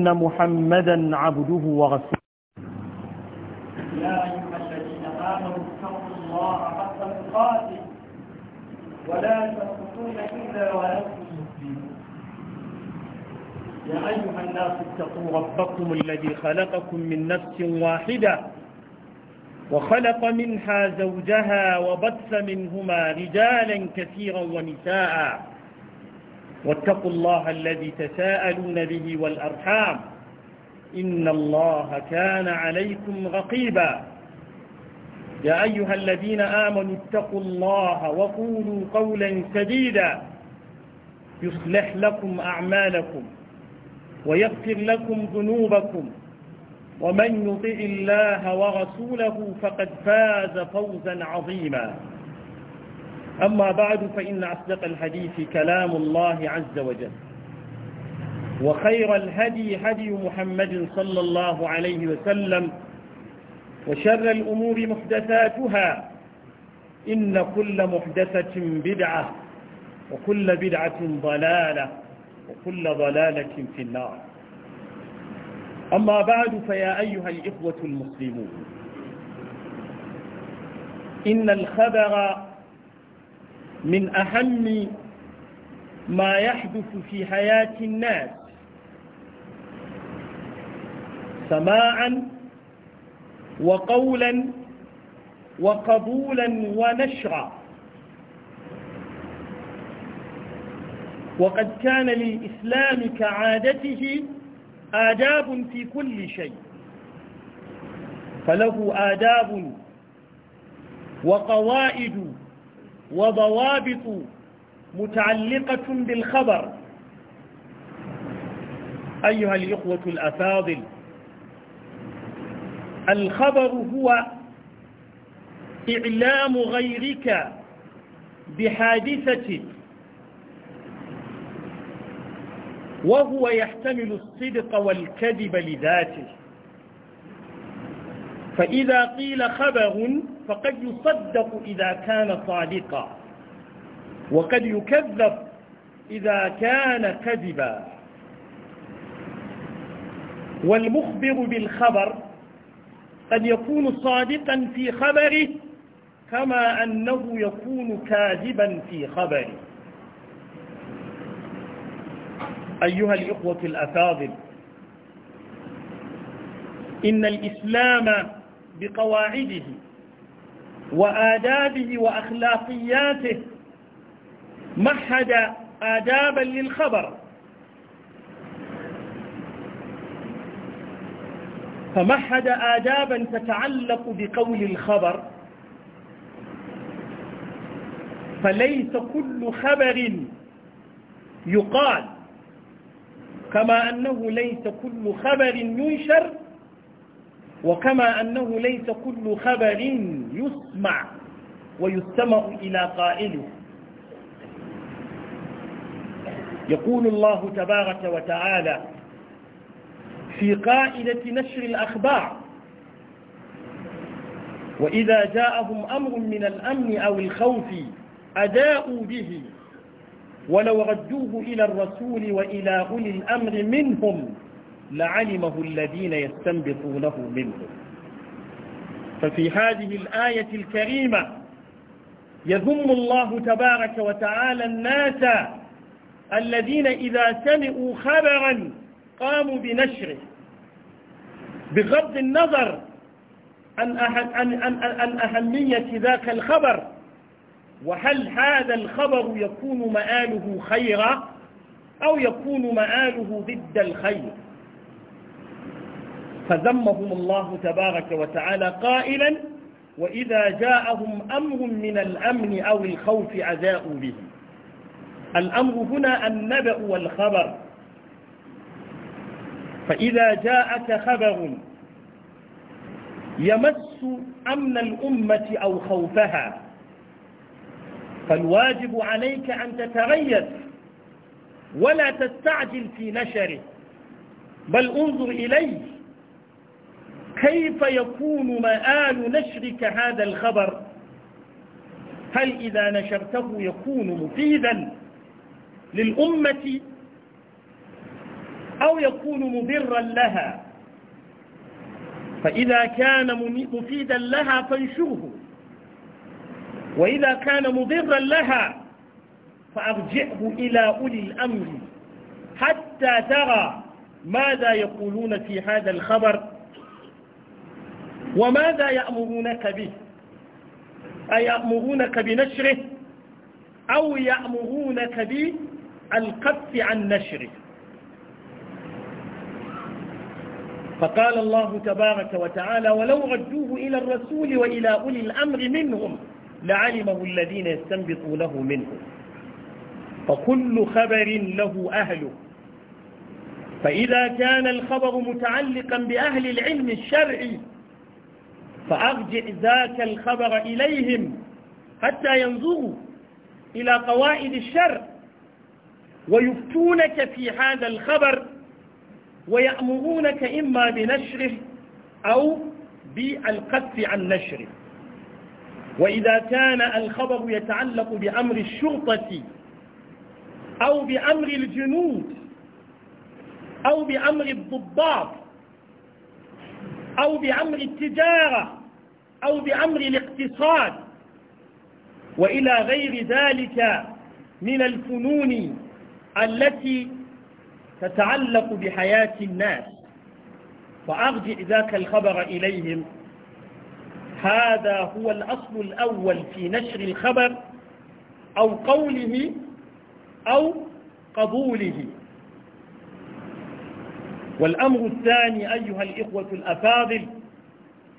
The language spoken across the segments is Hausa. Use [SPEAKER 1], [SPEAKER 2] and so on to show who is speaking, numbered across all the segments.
[SPEAKER 1] أن محمدا عبده ورسوله يا أيها الذين آمنوا اتقوا الله حق تقاته ولا تموتون إلا وأنتم مسلمون يا أيها الناس اتقوا ربكم الذي خلقكم من نفس واحدة وخلق منها زوجها وبث منهما رجالا كثيرا ونساء واتقوا الله الذي تساءلون به والأرحام إن الله كان عليكم غقيبا يا أيها الذين آمنوا اتقوا الله وقولوا قولا سديدا يصلح لكم أعمالكم ويغفر لكم ذنوبكم ومن يطئ الله ورسوله فقد فاز فوزا عظيما أما بعد فإن أصدق الحديث كلام الله عز وجل وخير الهدي هدي محمد صلى الله عليه وسلم وشر الأمور محدثاتها إن كل محدثة بدعة وكل بدعة ضلالة وكل ضلالة في النار أما بعد فيا أيها الإخوة المسلمون إن الخبر من أهم ما يحدث في حياة الناس سماعا وقولا وقبولا ونشرا وقد كان للإسلام كعادته آداب في كل شيء فله آداب وقوائد وضوابط متعلقة بالخبر أيها الإخوة الأفاضل الخبر هو إعلام غيرك بحادثة وهو يحتمل الصدق والكذب لذاته فإذا قيل خبر فقد يصدق إذا كان صادقا وقد يكذب إذا كان كذبا والمخبر بالخبر قد يكون صادقا في خبره كما أنه يكون كاذبا في خبره أيها الإخوة الأفاضل إن الإسلام بقواعده وآدابه وأخلاقياته مهد آدابا للخبر فمهد آدابا تتعلق بقول الخبر فليس كل خبر يقال كما أنه ليس كل خبر ينشر وكما أنه ليس كل خبر يسمع ويستمع إلى قائله يقول الله تبارك وتعالى في قائلة نشر الأخبار وإذا جاءهم أمر من الأمن أو الخوف أداؤوا به ولو ردوه إلى الرسول وإلى أولي الأمر منهم لعلمه الذين يستنبطونه منه ففي هذه الآية الكريمة يذم الله تبارك وتعالى الناس الذين إذا سمعوا خبرا قاموا بنشره بغض النظر عن أهمية ذاك الخبر وهل هذا الخبر يكون مآله خيرا أو يكون مآله ضد الخير فذمهم الله تبارك وتعالى قائلا وإذا جاءهم أمر من الأمن أو الخوف أذاءوا به الأمر هنا النبأ والخبر فإذا جاءك خبر يمس أمن الأمة أو خوفها فالواجب عليك أن تتريث ولا تستعجل في نشره بل انظر إليه كيف يكون مآل نشرك هذا الخبر هل إذا نشرته يكون مفيدا للأمة أو يكون مضرا لها فإذا كان مفيدا لها فانشره وإذا كان مضرا لها فأرجعه إلى أولي الأمر حتى ترى ماذا يقولون في هذا الخبر وماذا يأمرونك به أيأمرونك بنشره أو يأمرونك بالقف عن نشره فقال الله تبارك وتعالى ولو ردوه إلى الرسول وإلى أولي الأمر منهم لعلمه الذين يستنبطونه منهم فكل خبر له أهله فإذا كان الخبر متعلقا بأهل العلم الشرعي فأرجع ذاك الخبر إليهم حتى ينظروا إلى قواعد الشر ويفتونك في هذا الخبر ويأمرونك إما بنشره أو بالقف عن نشره وإذا كان الخبر يتعلق بأمر الشرطة أو بأمر الجنود أو بأمر الضباط أو بأمر التجارة أو بأمر الاقتصاد وإلى غير ذلك من الفنون التي تتعلق بحياة الناس فأرجع ذاك الخبر إليهم هذا هو الأصل الأول في نشر الخبر أو قوله أو قبوله والأمر الثاني أيها الإخوة الأفاضل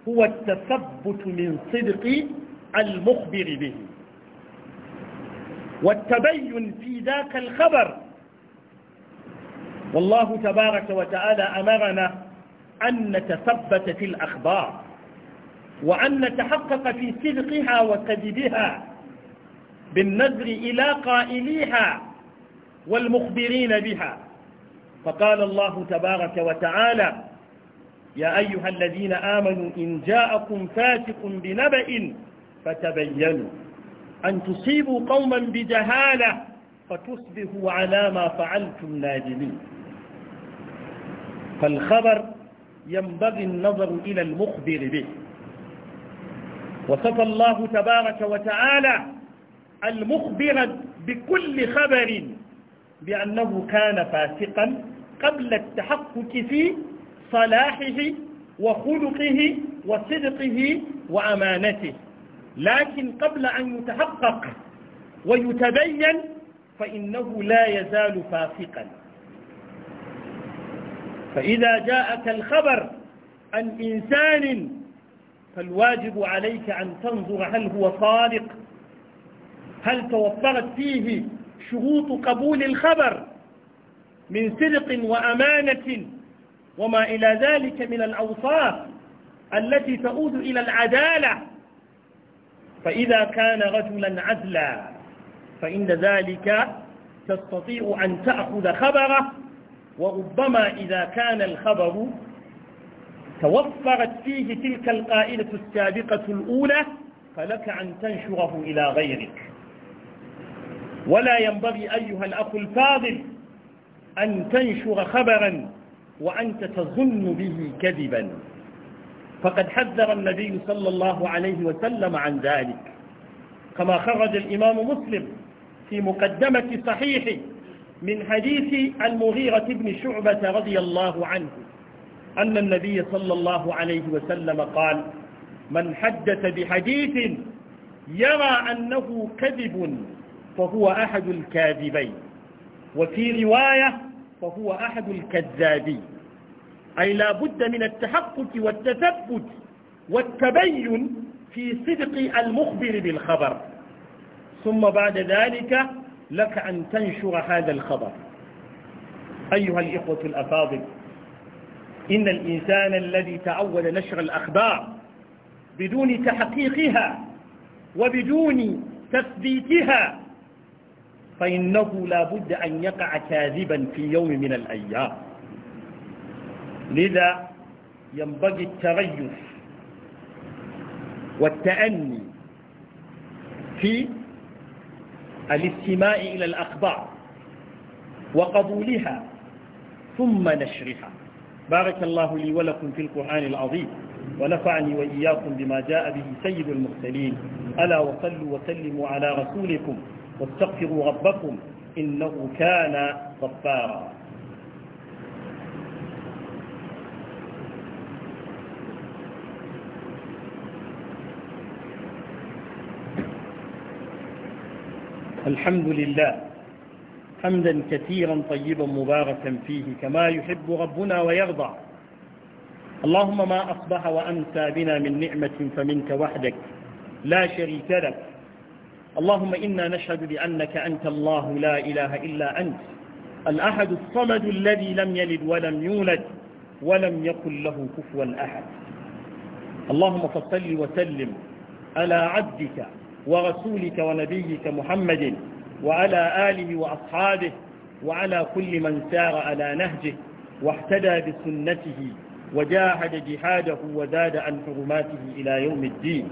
[SPEAKER 1] هو التثبت من صدق المخبر به والتبين في ذاك الخبر والله تبارك وتعالى أمرنا أن نتثبت في الأخبار وأن نتحقق في صدقها وكذبها بالنظر إلى قائليها والمخبرين بها فقال الله تبارك وتعالى يا أيها الذين آمنوا إن جاءكم فاتق بنبأ فتبينوا أن تصيبوا قوما بجهالة فتصبحوا على ما فعلتم نادمين فالخبر ينبغي النظر إلى المخبر به وصف الله تبارك وتعالى المخبر بكل خبر بأنه كان فاسقا قبل التحقق فيه صلاحه وخلقه وصدقه وأمانته لكن قبل أن يتحقق ويتبين فإنه لا يزال فاسقا فإذا جاءك الخبر عن إنسان فالواجب عليك أن تنظر هل هو صادق هل توفرت فيه شروط قبول الخبر من صدق وأمانة وما إلى ذلك من الأوصاف التي تعود إلى العدالة فإذا كان رجلا عدلا فإن ذلك تستطيع أن تأخذ خبره وربما إذا كان الخبر توفرت فيه تلك القائلة السابقة الأولى فلك أن تنشره إلى غيرك ولا ينبغي أيها الأخ الفاضل أن تنشر خبرا وأنت تظن به كذبا فقد حذر النبي صلى الله عليه وسلم عن ذلك كما خرج الإمام مسلم في مقدمة صحيحه من حديث المغيرة بن شعبة رضي الله عنه أن النبي صلى الله عليه وسلم قال من حدث بحديث يرى أنه كذب فهو أحد الكاذبين وفي رواية فهو أحد الكذابين أي لا بد من التحقق والتثبت والتبين في صدق المخبر بالخبر ثم بعد ذلك لك أن تنشر هذا الخبر أيها الإخوة الأفاضل إن الإنسان الذي تعود نشر الأخبار بدون تحقيقها وبدون تثبيتها فإنه لا بد أن يقع كاذبا في يوم من الأيام لذا ينبغي التريث والتأني في الاستماع إلى الأخبار وقبولها ثم نشرها بارك الله لي ولكم في القرآن العظيم ونفعني وإياكم بما جاء به سيد المرسلين ألا وصلوا وسلموا على رسولكم واستغفروا ربكم إنه كان غفارا الحمد لله حمدا كثيرا طيبا مباركا فيه كما يحب ربنا ويرضى اللهم ما أصبح وأنسى بنا من نعمة فمنك وحدك لا شريك لك اللهم إنا نشهد بأنك أنت الله لا إله إلا أنت الأحد الصمد الذي لم يلد ولم يولد ولم يكن له كفوا أحد اللهم فصل وسلم على عبدك ورسولك ونبيك محمد وعلى آله وأصحابه وعلى كل من سار على نهجه واحتدى بسنته وجاهد جهاده وزاد عن حرماته إلى يوم الدين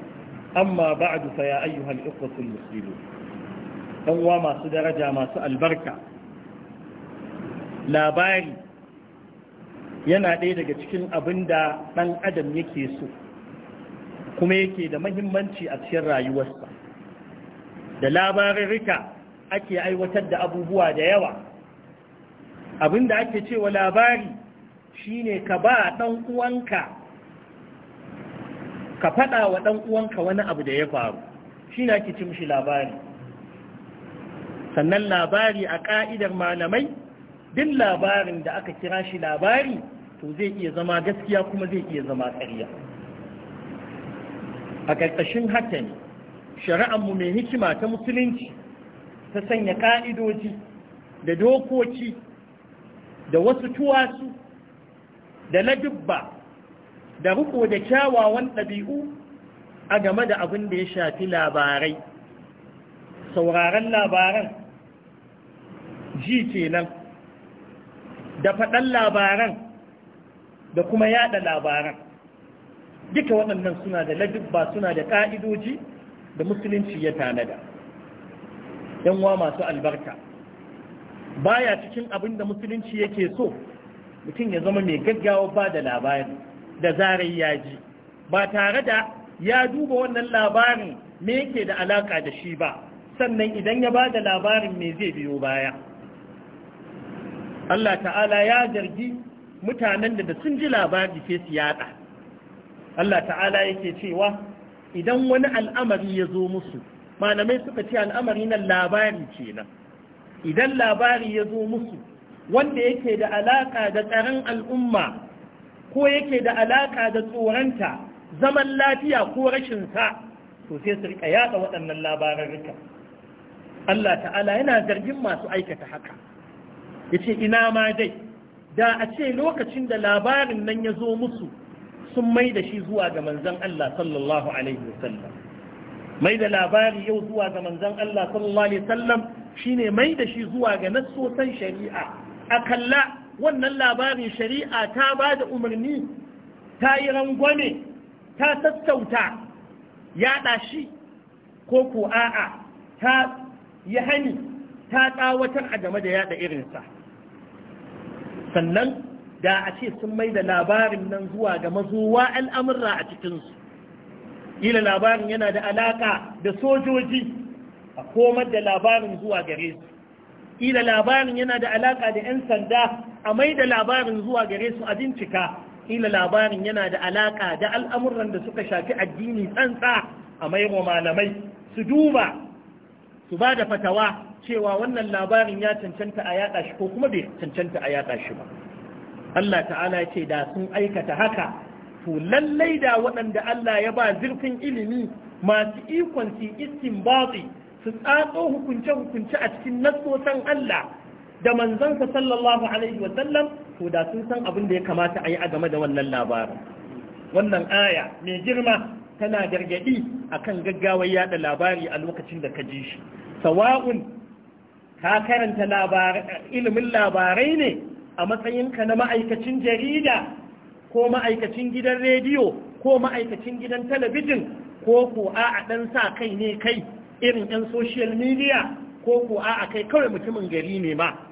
[SPEAKER 1] amma بعد فيا أيها الإخوة المسلمون هو ما درجة masu daraja masu albarka, labari yana ɗaya daga cikin abin da ɗan adam yake so kuma yake da mahimmanci a cikin rayuwarsa da labarurruka ake aiwatar da abubuwa da yawa abin da ake cewa labari shine ka ba ɗan uwanka ka faɗa wa ɗan uwanka wani abu da ya faru shi na ke ci labari sannan labari a ƙa'idar malamai duk labarin da aka kira shi labari to zai iya zama gaskiya kuma zai iya zama ƙarya a ƙarƙashin haka ne shari'anmu mai hikima ta musulunci ta sanya ƙa'idoji da dokoki da wasu tuwasu da ladubba da riko da kyawawan ɗabi'u a game da abin da ya shafi labarai sauraron labaran ji kenan da faɗan labaran da kuma yada labaran duka waɗannan suna da ladubba suna da ƙa'idoji da musulunci ya tanada yanwa masu albarka baya cikin abin da musulunci yake so mutum ya zama mai gaggawa ba da labari da zarai ya ji ba tare da ya duba wannan labarin me yake da alaka da shi ba sannan idan ya ba da labarin me zai biyo baya Allah ta'ala ya zargi mutanen da sun ji labari ke su yada Allah ta'ala yake cewa idan wani al'amari ya zo musu malamai suka ce al'amari nan labari kenan idan labari ya zo musu wanda yake da alaka da tsaron al'umma ko yake da alaka da tsoronta zaman lafiya ko rashin sa to sai su rika yada waɗannan labararruka Allah ta'ala yana zargin masu aikata haka yace ina ma dai da a ce lokacin da labarin nan ya zo musu sun mai da shi zuwa ga manzon Allah sallallahu alaihi wasallam mai da labari yau zuwa ga manzon Allah sallallahu alaihi wasallam shine mai da shi zuwa ga nassosan shari'a a kalla wannan labarin shari'a ta ba da umarni ta yi rangwame ta sassauta yaɗa shi ko ko a'a ta yi hani ta tsawatar a game da yaɗa irinsa sannan da a ce sun mai da labarin nan zuwa ga mazuwa al'amurra a cikinsu ila labarin yana da alaƙa da sojoji a komar da labarin zuwa gare su ila labarin yana da alaƙa da 'yan sanda a mai da labarin zuwa gare su a bincika ila labarin yana da alaka da al'amuran da suka shafi addini tsantsa a mai malamai su duba su ba da fatawa cewa wannan labarin ya cancanta a yaɗa shi ko kuma bai cancanta a yaɗa shi ba Allah ta'ala ce da sun aikata haka to lallai da waɗanda Allah ya ba zurfin ilimi masu ikon su istinbati su tsatso hukunce-hukunce a cikin nassosan Allah da manzansa sallallahu alaihi wasallam to da sun san abin da ya kamata a yi a game da wannan labarin wannan aya mai girma tana gargadi akan gaggawar yada labari a lokacin da ka ji shi sawa'un ka karanta ilimin labarai ne a matsayinka na ma'aikacin jarida ko ma'aikacin gidan rediyo ko ma'aikacin gidan talabijin ko ko a a ɗan sa kai ne kai irin 'yan social media ko ko a a kai kawai mutumin gari ne ma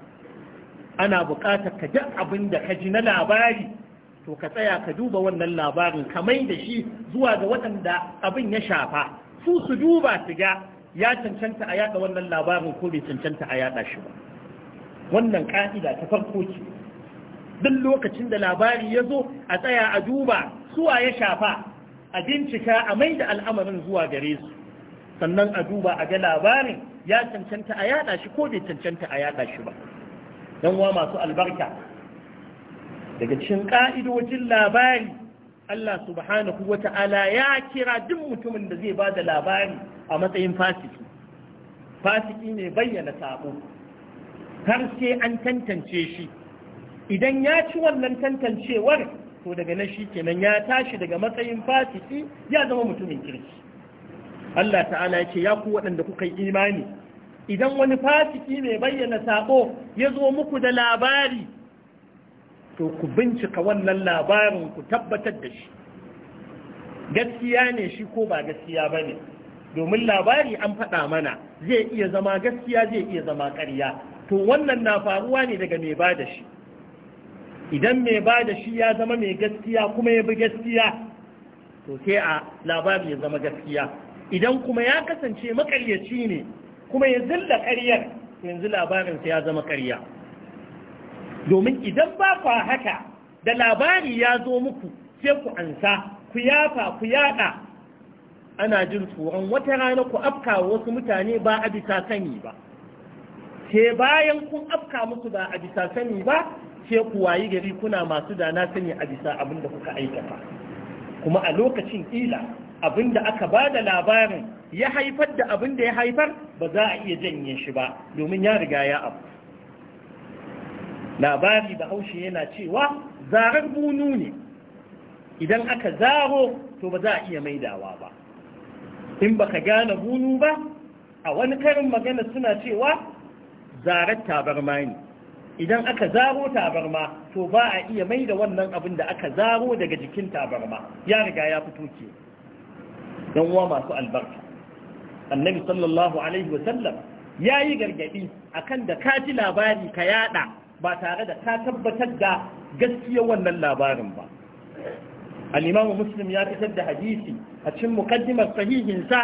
[SPEAKER 1] ana buƙatar ka duk abin da ka ji na labari to ka tsaya ka duba wannan labarin kamai da shi zuwa ga waɗanda abin ya shafa su su duba su ga ya cancanta a yaɗa wannan labarin ko bai cancanta a yaɗa shi ba wannan ƙa'ida ta farko ce duk lokacin da labari ya zo a tsaya a duba suwa ya shafa a bincika a mai da al'amarin zuwa gare su sannan a duba a ga labarin ya cancanta a yaɗa shi ko bai cancanta a yaɗa shi ba dan uwa masu albarka daga cikin ka'idojin labari Allah subhanahu Ta'ala ya kira duk mutumin da zai ba da labari a matsayin fasiki fasiki ne bayyana sabo har sai an tantance shi idan ya ci wannan tantancewar to daga na shi kenan ya tashi daga matsayin fasiki ya zama mutumin kirki Allah ta'ala ya ce ya ku waɗanda kuka yi imani idan wani fasiki mai bayyana sako ya zo muku da labari to ku bincika wannan labarin ku tabbatar da shi gaskiya ne shi ko ba gaskiya ba ne domin labari an faɗa mana zai iya zama gaskiya zai iya zama ƙarya to wannan na faruwa ne daga mai ba da shi idan mai bada shi ya zama mai gaskiya kuma ya bi gaskiya to sai a labari ya zama gaskiya idan kuma ya kasance makaryaci ne kuma ya zilla ƙaryar yanzu labarinsa ya zama ƙarya domin idan ba ku haka da labari ya zo muku sai ku ansa ku yafa ku yaɗa. ana jin tsoron wata rana ku afka wasu mutane ba a bisa sani ba sai bayan kun afka musu ba a bisa sani ba ce ku wayi gari kuna masu dana sani a bisa abin da kuka aikata kuma a lokacin ƙila. abin da aka ba da labarin ya haifar da abinda ya haifar ba za a iya janye shi ba domin ya riga ya abu labari da haushe yana cewa zarar bunu ne idan aka zaro to ba za a iya maidawa ba in baka gane bunu ba a wani karin magana suna cewa zarar tabarma ne idan aka zaro tabarma to ba a iya mai da wannan abin da aka zaro daga jikin tabarma ya riga ya fito ke yan masu albarka annabi sallallahu alaihi wa sallam yayi gargadi akan da ka ji labari ka yada ba tare da ka tabbatar da gaskiyar wannan labarin ba al-imamu muslim ya fitar da hadisi a cikin mukaddimar sahihinsa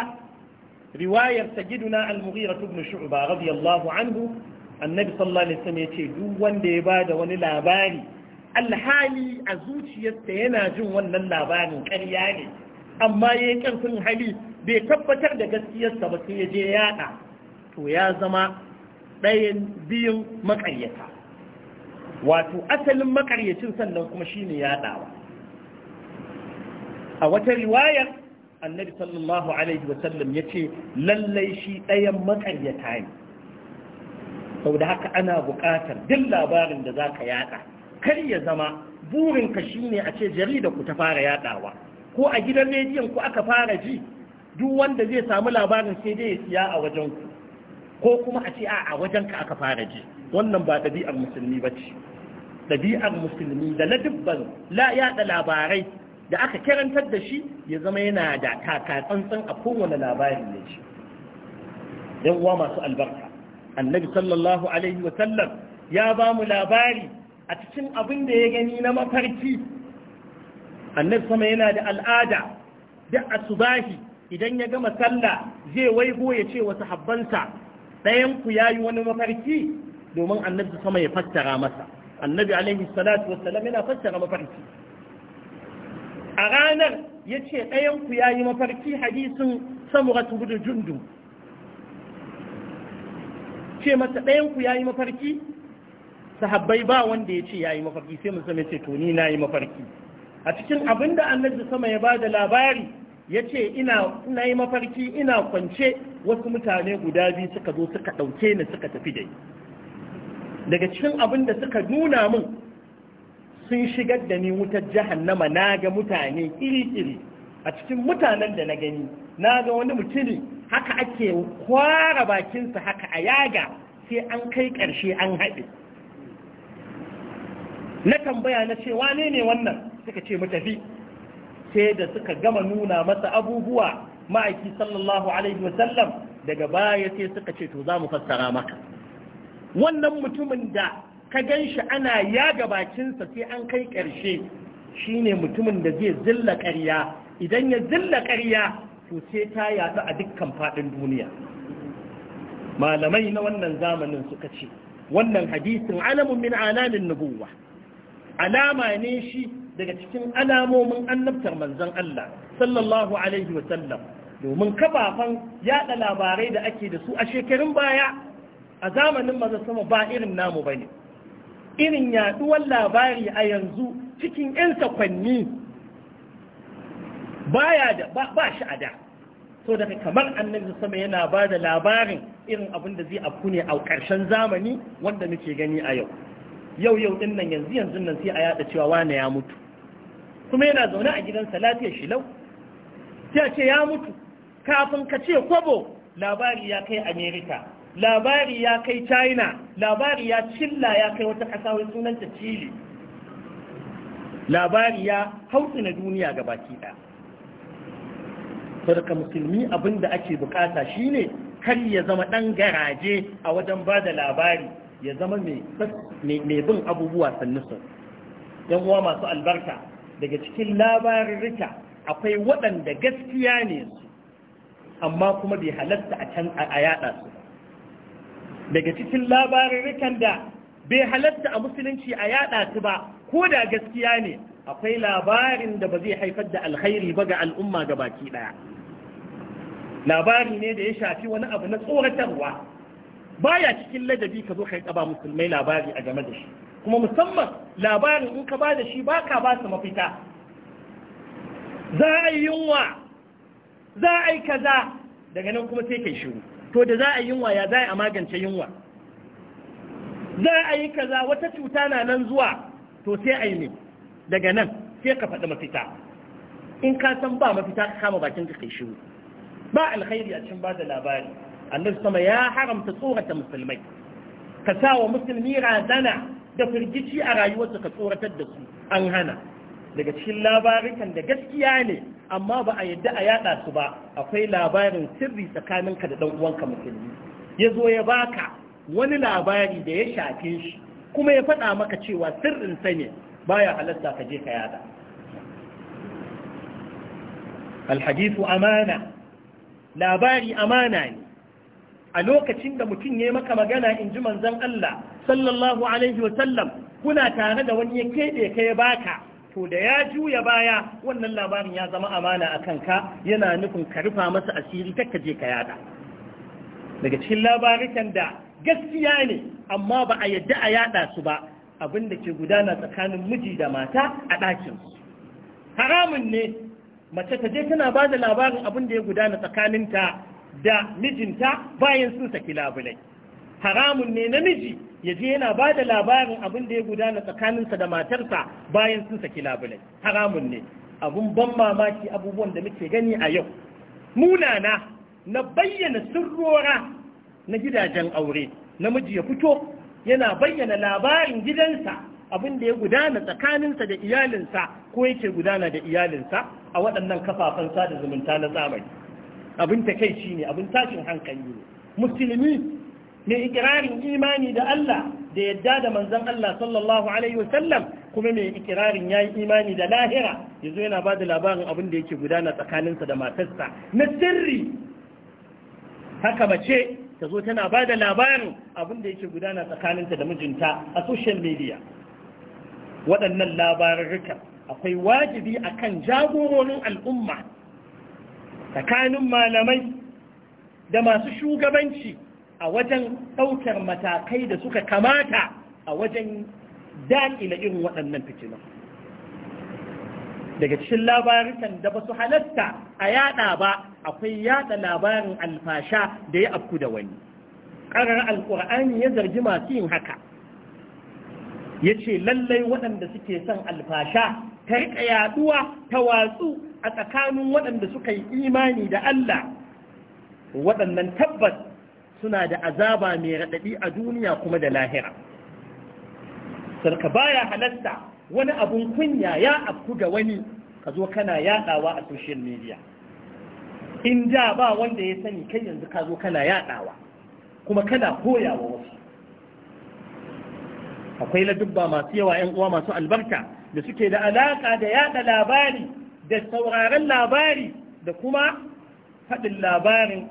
[SPEAKER 1] riwayar sayyiduna al-mughira ibn shu'ba radiyallahu anhu annabi sallallahu alaihi wasallam yace duk wanda ya bada wani labari alhali a zuciyarsa yana jin wannan labarin ƙarya ne amma ya yi ƙarfin hali bai tabbatar da gaskiyarsa ba sai ya je yaɗa to ya zama ɗayan biyun makaryata wato asalin makaryacin sannan kuma shi ne yaɗawa a wata riwayar annabi sallallahu alaihi wasallam ya ce lallai shi ɗayan makaryata ne sau da haka ana buƙatar duk labarin da za ka yaɗa kar ya zama burinka shine a ce jarida ku ta fara yaɗawa ko a gidan rediyon ku aka fara ji duk wanda zai samu labarin sai dai ya siya a wajen ku ko kuma a ce a wajen ka aka fara ji wannan ba ɗabi'ar musulmi ba ce ɗabi'ar musulmi da na dubban la labarai da aka kirantar da shi ya zama yana da tsantsan a kowane labarin ne shi yan uwa masu albarka annabi sallallahu alaihi wa sallam ya ba mu labari a cikin abin da ya gani na mafarki annabi sama yana da al'ada da asubahi idan ya gama sallah zai waigo ya ce wa sahabbansa ɗayan ku yayi wani mafarki domin annabi sama ya fassara masa annabi alaihi salatu wassalam yana fassara mafarki a ranar ya ce ɗayan ku yayi mafarki hadisin samuratu budu jundu ce masa ɗayan ku yayi mafarki sahabbai ba wanda ya ce yayi mafarki sai mun ya ce to ni na yi mafarki a cikin abin da annabi sama ya bada labari ya ce ina yi mafarki ina kwance wasu mutane guda biyu suka zo suka ɗauke ni suka tafi da ni daga cikin abin da suka nuna min sun shigar da ni wutar jahannama na ga mutane iri-iri a cikin mutanen da na gani na ga wani mutumi haka ake kwara bakinsa haka a yaga sai an kai ƙarshe an haɗe na tambaya na ce wane ne wannan suka ce mu tafi sai da suka gama nuna masa abubuwa ma'aiki sallallahu alaihi wasallam daga baya sai suka ce to za mu fassara maka wannan mutumin da ka gan shi ana yaga bakinsa sai an kai ƙarshe shine mutumin da zai zilla ƙarya idan ya zilla ƙarya to sai ta yatsu a dukkan faɗin duniya malamai na wannan zamanin suka ce wannan hadisin alamun min alamin nubuwa alama ne shi daga cikin alamomin annabtar manzon Allah sallallahu alaihi wa sallam domin kafafan yada labarai da ake da su a shekarun baya a zamanin maza sama ba irin namu bane irin yaduwar labari a yanzu cikin 'yan sakwanni baya da ba shi a da so daga kamar annabi sama yana ba da labarin irin abin da zai afku ne a ƙarshen zamani wanda muke gani a yau yau yau din nan yanzu yanzu nan sai a yada cewa wane ya mutu kuma yana zaune a gidansa lafiyar shi lau ce ya mutu kafin ka ce kwabo labari ya kai amerika labari ya kai china labari ya cilla ya kai wata kasa sunanta chile labari ya hautu na duniya ga baki ɗaya farka musulmi abin da ake bukata shine kar ya zama ɗan garaje a wajen ba da labari ya zama mai bin abubuwa sannu sun yan uwa masu albarka daga cikin labarin rika akwai waɗanda gaskiya ne su amma kuma bai halatta a can a yada su daga cikin labarin rikan da bai halatta a musulunci a yaɗa su ba ko da gaskiya ne akwai labarin da ba zai haifar da alkhairi ba ga al'umma ga baki ɗaya. labari ne da ya shafi wani abu na tsoratarwa baya cikin ladabi ka zo ka ba musulmai labari a game da shi kuma musamman labarin in ka ba da shi ba ka ba su mafita za a yi yunwa za a yi kaza daga nan kuma sai kai shiru to da za a yi yunwa ya za a magance yunwa za a yi kaza wata cuta na nan zuwa to sai a yi ne daga nan sai ka faɗi mafita in ka san ba mafita ka kama bakin ka kai shiru ba alkhairi a cikin ba da labari annabi sama ya haramta tsorata musulmai ka sa wa musulmi razana da firgici a rayuwarsa ka tsoratar da su an hana daga cikin labarikan da gaskiya ne amma ba a yadda a yada su ba akwai labarin sirri tsakaninka da dan uwanka musulmi ya zo ya baka wani labari da ya shafe shi kuma ya faɗa maka cewa sirrin sa ne baya halatta ka je ka yada alhadisu amana labari amana ne a lokacin da mutum ya yi maka magana in ji manzon Allah sallallahu alaihi wa sallam kuna tare da wani ya ka ya baka to da ya juya baya wannan labarin ya zama amana a kanka yana nufin ka rufa masa asiri takka je ka yada daga cikin labarikan da gaskiya ne amma ba a yadda a yada su ba abin da ke gudana tsakanin miji da mata a ɗakin haramun ne mace ta je tana ba da labarin abin da ya gudana tsakaninta da mijinta bayan sun saki labulai haramun ne namiji ya je yana ba da labarin abin da ya gudana tsakaninsa da matarsa bayan sun saki labulai haramun ne abun ban mamaki abubuwan da muke gani a yau munana na bayyana sirrora na gidajen aure namiji ya fito yana bayyana labarin gidansa abin da ya gudana tsakaninsa da iyalinsa ko yake gudana da iyalinsa a waɗannan kafafen sada zumunta na zamani abin takaici ne abin tashin hankali ne musulmi mai ikirarin imani da Allah da yadda da manzon Allah sallallahu alaihi wasallam kuma mai ikirarin yayi imani da lahira yazo yana ba da labarin abin da yake gudana tsakaninsa da matarsa na sirri haka mace ta zo tana ba da labarin abin da yake gudana tsakaninta da mijinta a social media waɗannan labarurrukan akwai wajibi akan jagororin al'umma tsakanin malamai da masu shugabanci a wajen ɗaukar matakai da suka kamata a wajen daƙila irin waɗannan fitina daga cikin labarin da ba su halatta a yada ba akwai yada labarin alfasha da ya afku da wani ƙarar alƙur'ani ya zargi masu yin haka ya ce lallai waɗanda suke son alfasha ta riƙa yaɗuwa ta watsu a tsakanin waɗanda suka yi imani da Allah waɗannan tabbas suna da azaba mai raɗaɗi a duniya kuma da lahira sarka baya halatta wani abun kunya ya afku ga wani ka zo kana yaɗawa a social media in da ba wanda ya sani kai yanzu ka zo kana yaɗawa kuma kana koya wa wasu akwai ladubba masu yawa 'yan uwa masu albarka da suke da alaƙa da yaɗa labari da sauraren labari da kuma faɗin labarin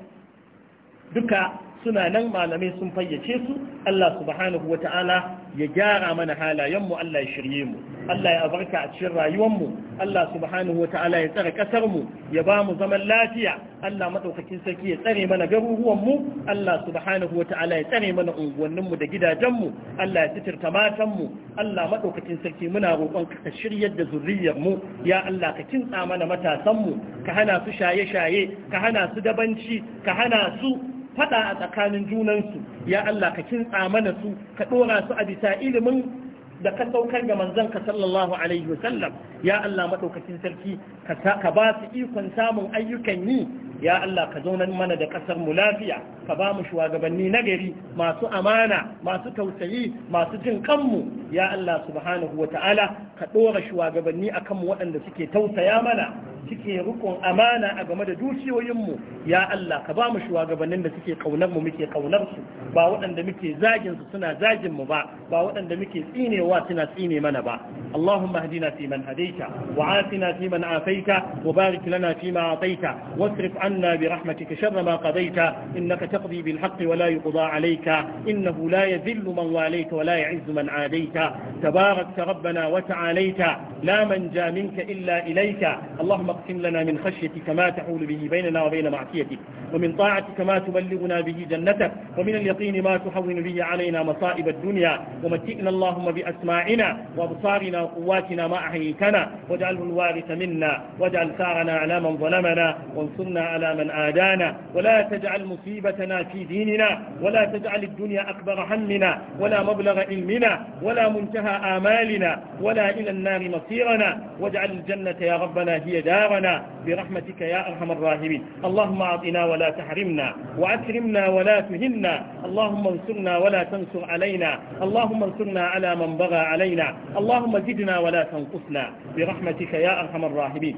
[SPEAKER 1] duka suna nan malamai sun fayyace su Allah subhanahu wa ta'ala ya gyara mana halayenmu Allah ya shirye mu Allah ya abarka a cikin rayuwarmu Allah subhanahu wa ta'ala ya tsare ƙasarmu ya ba mu zaman lafiya Allah maɗaukakin sarki ya tsare mana garuruwanmu Allah subhanahu wa ta'ala ya tsare mana unguwanninmu da gidajenmu Allah ya titirta matanmu Allah maɗaukakin sarki muna roƙon ka shiryar da zuriyarmu ya Allah ka kintsa mana matasanmu ka hana su shaye-shaye ka hana su dabanci ka hana su fada a tsakanin junansu ya Allah ka kintsa mana su ka dora su a bisa ilimin da ka saukar ga manzanka sallallahu alaihi wasallam ya Allah madaukakin sarki ka ba su ikon samun ayyukan yi ya Allah ka zaunar mana da kasar mu lafiya ka ba mu shugabanni nagari masu amana masu tausayi masu jin kanmu ya Allah subhanahu wata'ala ka dora shugabanni akan mu waɗanda suke tausaya mana suke rukun amana a game da dukiyoyinmu ya Allah ka ba mu shugabannin da suke kaunar mu muke kaunar su ba waɗanda muke zagin su suna zagin mu ba ba waɗanda muke tsinewa suna tsine mana ba Allahumma hadina fi man hadaita wa afina fi man afaita wa barik lana fi ma ataita wasrif anna bi rahmatika sharra ma qadaita innaka taqdi bil haqqi wa la yuqda alayka innahu la yadhillu man walayta wa la yu'izzu man adaita tabarakta rabbana wa ta'alayta la manja minka illa ilayka Allahumma اقسم لنا من خشيتك ما تحول به بيننا وبين معصيتك ومن طاعتك ما تبلغنا به جنتك ومن اليقين ما تحول به علينا مصائب الدنيا ومتئنا اللهم بأسماعنا وأبصارنا وقواتنا ما أحييتنا واجعله الوارث منا واجعل ثارنا على من ظلمنا وانصرنا على من آدانا ولا تجعل مصيبتنا في ديننا ولا تجعل الدنيا أكبر همنا ولا مبلغ علمنا ولا منتهى آمالنا ولا إلى النار مصيرنا واجعل الجنة يا ربنا هي دارنا دارنا برحمتك يا أرحم الراحمين اللهم أعطنا ولا تحرمنا وأكرمنا ولا تهنا اللهم انصرنا ولا تنصر علينا اللهم انصرنا على من بغى علينا اللهم زدنا ولا تنقصنا برحمتك يا أرحم الراحمين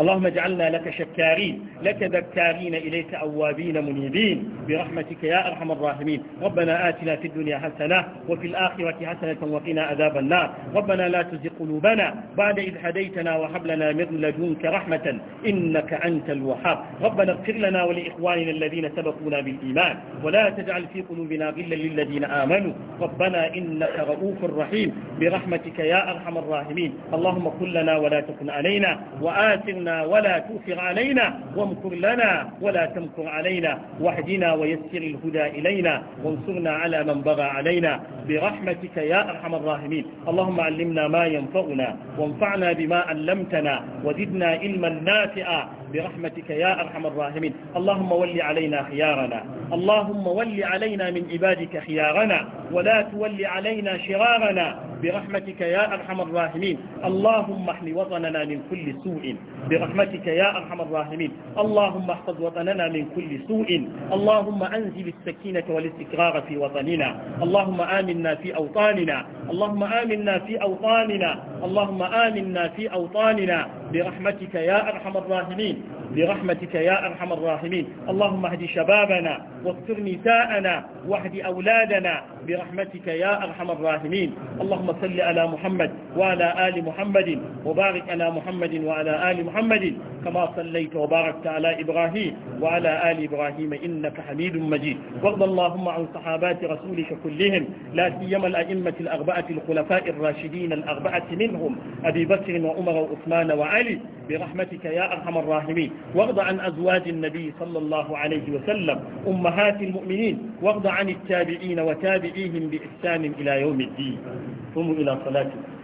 [SPEAKER 1] اللهم اجعلنا لك شكارين لك ذكارين إليك أوابين منيبين برحمتك يا أرحم الراحمين ربنا آتنا في الدنيا حسنة وفي الآخرة حسنة وقنا عذاب النار ربنا لا تزغ قلوبنا بعد إذ هديتنا وهب لنا من لدنك رحمة إنك أنت الوهاب ربنا اغفر لنا ولإخواننا الذين سبقونا بالإيمان ولا تجعل في قلوبنا غلا للذين آمنوا ربنا إنك رؤوف رحيم برحمتك يا أرحم الراحمين اللهم كن لنا ولا تكن علينا وآتنا عنا ولا تؤثر علينا وامكر لنا ولا تمكر علينا واهدنا ويسر الهدى إلينا وانصرنا على من بغى علينا برحمتك يا أرحم الراحمين اللهم علمنا ما ينفعنا وانفعنا بما علمتنا وزدنا علما نافعا برحمتك يا أرحم الراحمين اللهم ول علينا خيارنا اللهم ول علينا من عبادك خيارنا ولا تول علينا شرارنا برحمتك يا أرحم الراحمين اللهم احل وطننا من كل سوء برحمتك يا أرحم الراحمين اللهم احفظ وطننا من كل سوء اللهم أنزل السكينة والاستقرار في وطننا اللهم آمنا في أوطاننا اللهم آمنا في أوطاننا اللهم آمنا في أوطاننا برحمتك يا أرحم الراحمين برحمتك يا أرحم الراحمين اللهم اهد شبابنا واغفر نساءنا واهد أولادنا برحمتك يا أرحم الراحمين اللهم صل على محمد وعلى آل محمد وبارك على محمد وعلى آل محمد كما صليت وباركت على إبراهيم وعلى آل إبراهيم إنك حميد مجيد وارض اللهم عن صحابات رسولك كلهم لا سيما الأئمة الأربعة الخلفاء الراشدين الأربعة منهم أبي بكر وعمر وعثمان وعلي برحمتك يا أرحم الراحمين واغض عن أزواج النبي صلى الله عليه وسلم أمهات المؤمنين واغض عن التابعين وتابعيهم بإحسان إلى يوم الدين قوموا إلى صلاتكم